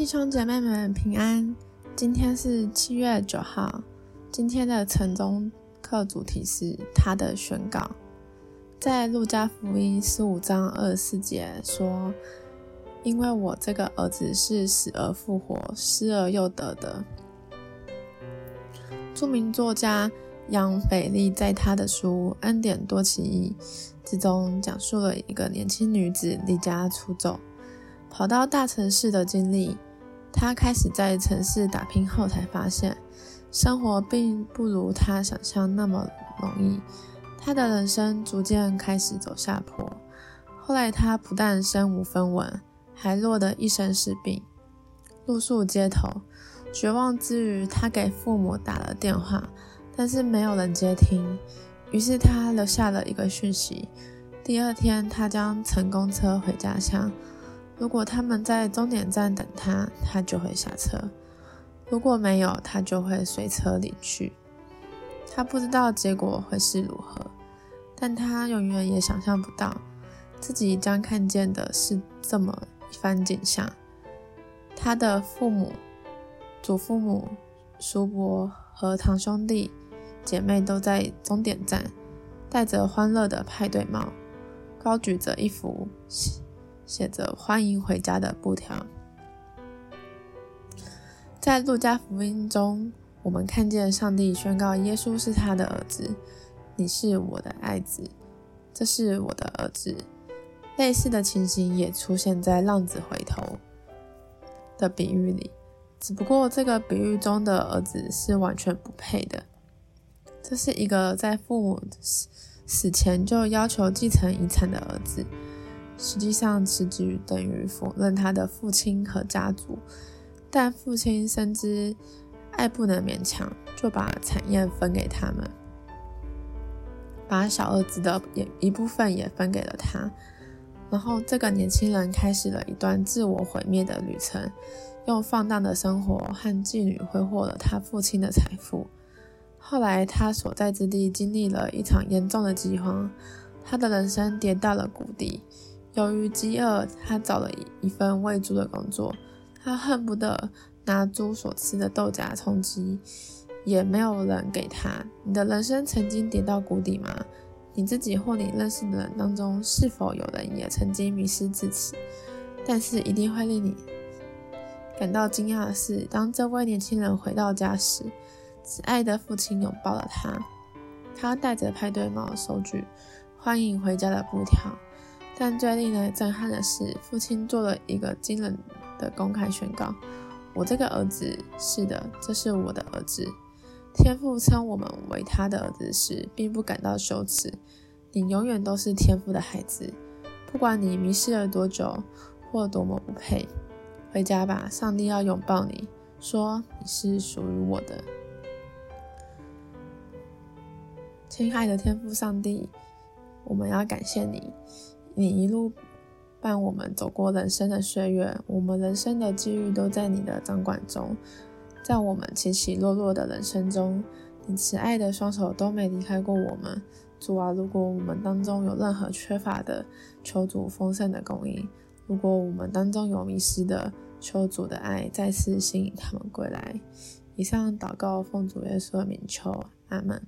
弟兄姐妹們平安，今天是七月九號。今天的晨鐘課主題是他的宣告，在路加福音十五章二十四節說：“因為我這個兒子是死而復活，失而又得的。”著名作家楊腓力在他的書《恩典多奇異》之中，講述了一個年輕女子離家出走，跑到大城市的經歷。他開始在城市打拼後，才發現生活並不如他想象那麼容易。他的人生逐漸開始走下坡。後來，他不但身無分文，還落得一身是病，露宿街頭。絕望之餘，他給父母打了電話，但是沒有人接聽。於是他留下了一個訊息：第二天，他將乘公車回家鄉。如果他們在終點站等他，他就會下車；如果沒有，他就會隨車離去。他不知道結果會是如何，但他永遠也想象不到自己將看見的是這麼一番景象。他的父母、祖父母、叔伯和堂兄弟姐妹都在終點站，戴着歡樂的派對帽，高舉着一幅。寫着“歡迎回家”的布條。在《路加福音》中，我們看見上帝宣告耶穌是他的兒子：“你是我的愛子，這是我的兒子。”類似的情形也出現在浪子回頭的比喻裡，只不過這個比喻中的兒子是完全不配的。這是一個在父母死死前就要求繼承遺產的兒子。實際上此舉等於否認他的父親和家族，但父親深知愛不能勉強，就把產業分給他們，把小兒子的一一部分也分給了他。然後這個年輕人開始了一段自我毀滅的旅程，用放蕩的生活和妓女揮霍了他父親的財富。後來他所在之地經歷了一場嚴重的饑荒，他的人生跌到了谷底。由於飢餓，他找了一份餵豬的工作。他恨不得拿豬所吃的豆莢充飢，也沒有人給他。你的人生曾經跌到谷底嗎？你自己或你認識的人當中，是否有人也曾經迷失自己？但是一定會令你感到驚訝的是，當這位年輕人回到家時，慈愛的父親擁抱了他。他戴着派對帽收據，手舉歡迎回家的布條。但最令人震撼的是，父親做了一個驚人的公開宣告：“我這個兒子，是的，這是我的兒子。天父稱我們為他的兒子時，並不感到羞恥。你永遠都是天父的孩子，不管你迷失了多久或多麼不配。回家吧，上帝要擁抱你，說你是屬於我的，親愛的天父上帝，我們要感謝你。”你一路伴我們走過人生的歲月，我們人生的際遇都在你的掌管中。在我們起起落落的人生中，你慈愛的雙手都沒離開過我們。主啊，如果我們當中有任何缺乏的，求主豐盛的供應；如果我們當中有迷失的，求主的愛再次吸引他們歸來。以上禱告奉主耶穌的名求，阿門。